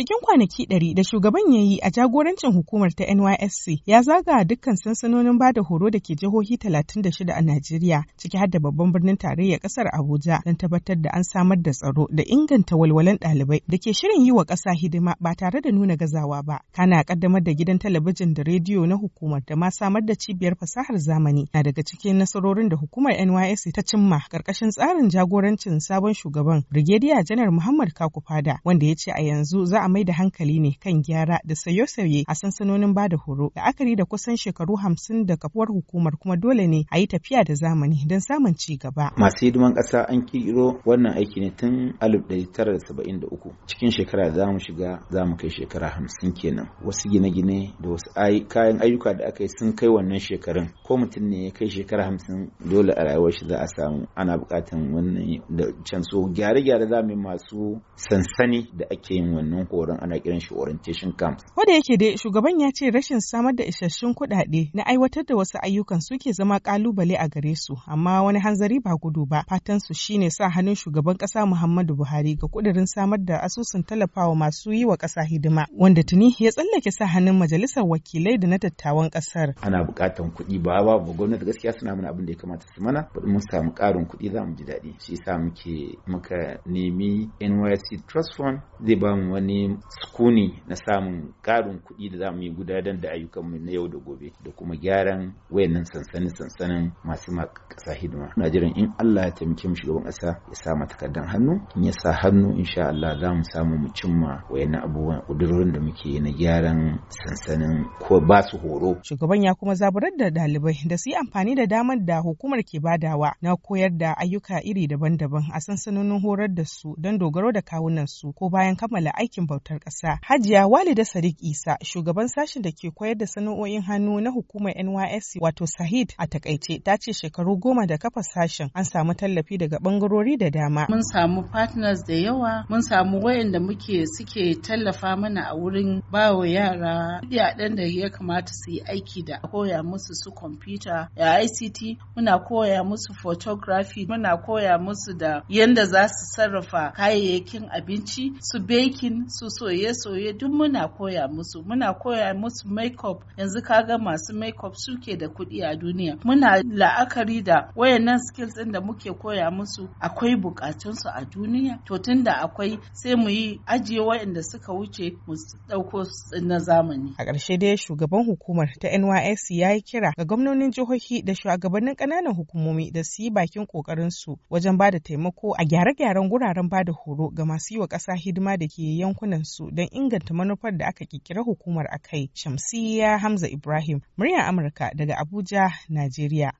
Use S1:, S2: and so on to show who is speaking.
S1: Cikin kwanaki ɗari da shugaban ya yi a jagorancin hukumar ta NYSC ya zaga dukkan sansanonin ba da horo da ke jihohi 36 a Najeriya ciki har da babban birnin tarayya ƙasar Abuja don tabbatar da an samar da tsaro da inganta walwalan ɗalibai da ke shirin yi wa ƙasa hidima ba tare da nuna gazawa ba. Kana ƙaddamar da gidan talabijin da rediyo na hukumar da ma samar da cibiyar fasahar zamani na daga cikin nasarorin da hukumar NYSC ta cimma ƙarƙashin tsarin jagorancin sabon shugaban Brigadier Janar Muhammad Kakufada wanda ya ce a yanzu za a mai da hankali ne kan gyara da sauye-sauye a sansanonin bada horo da da kusan shekaru hamsin da kafuwar hukumar kuma dole ne a yi tafiya da zamani don samun ci gaba. Masu
S2: hidiman ƙasa an kirkiro wannan aiki ne tun 1973 cikin shekara za mu shiga za mu kai shekara hamsin kenan wasu gine-gine da wasu kayan ayyuka da aka yi sun kai wannan shekarun ko mutum ne ya kai shekara hamsin dole a rayuwar shi za a samu ana buƙatan wannan da can so gyare-gyare za mu yi masu sansani da ake yin wannan oran ana kiran shi orientation camp.
S1: da yake dai shugaban ya ce rashin samar da isasshun kuɗaɗe na aiwatar da wasu ayyukan suke zama kalubale a gare su amma wani hanzari ba gudu ba fatan su shine sa hannun shugaban kasa Muhammadu Buhari ga kudirin samar da asusun tallafawa masu yi wa ƙasa hidima wanda tuni ya tsallake sa hannun majalisar wakilai da na tattawan ƙasar. Ana
S2: buƙatan kuɗi ba ba gwamnati gaskiya suna mana abin da ya kamata su mana mun samu ƙarin kuɗi za mu ji daɗi shi yasa muke muka nemi NYC Trust Fund zai ba mu wani sukuni na samun karin kuɗi da za mu yi gudanar da ayyukanmu na yau da gobe da kuma gyaran wayannan sansanin sansanin masu ƙasa hidima na jiran in Allah ya taimake mu shugaban ƙasa ya sa mata takardar hannu in ya sa hannu insha Allah za mu samu mu cimma wayannan abubuwan ƙudurorin da muke na gyaran sansanin ko ba su horo
S1: shugaban ya kuma zaburar da ɗalibai da su yi amfani da damar da hukumar ke badawa na koyar da ayyuka iri daban-daban a sansanonin horar da su don dogaro da kawunan su ko bayan kammala aikin bautar ƙasa. Hajiya Walida Sadiq Isa, shugaban sashen da ke koyar da sana'o'in hannu na hukumar NYSC wato Sahid a takaice, ta ce shekaru goma da kafa sashen an samu tallafi daga
S3: bangarori da dama. Mun samu partners da yawa, mun samu wayanda muke suke tallafa mana a wurin bawa yara ɗan da ya kamata su yi aiki da koya musu su kwamfuta ya ICT, muna koya musu photography, muna koya musu da yanda za su sarrafa kayayyakin abinci, su baking, su soye-soye duk muna koya musu muna koya musu makeup yanzu kaga masu makeup suke da kuɗi a duniya muna la'akari da wayannan skills ɗin da muke koya musu akwai bukatunsu a duniya to tunda akwai sai mu yi ajiye wayanda suka wuce mu ɗauko na zamani a ƙarshe dai shugaban hukumar ta NYSC ya
S1: yi kira ga gwamnonin jihohi da shugabannin ƙananan hukumomi da su yi bakin ƙoƙarinsu wajen ba da taimako a gyare-gyaren guraren ba da horo ga masu yi wa ƙasa hidima da ke yankunan su don inganta manufar da aka ƙirƙira hukumar akai shamsiya Shamsiyya Hamza Ibrahim, murya Amurka daga Abuja, Najeriya.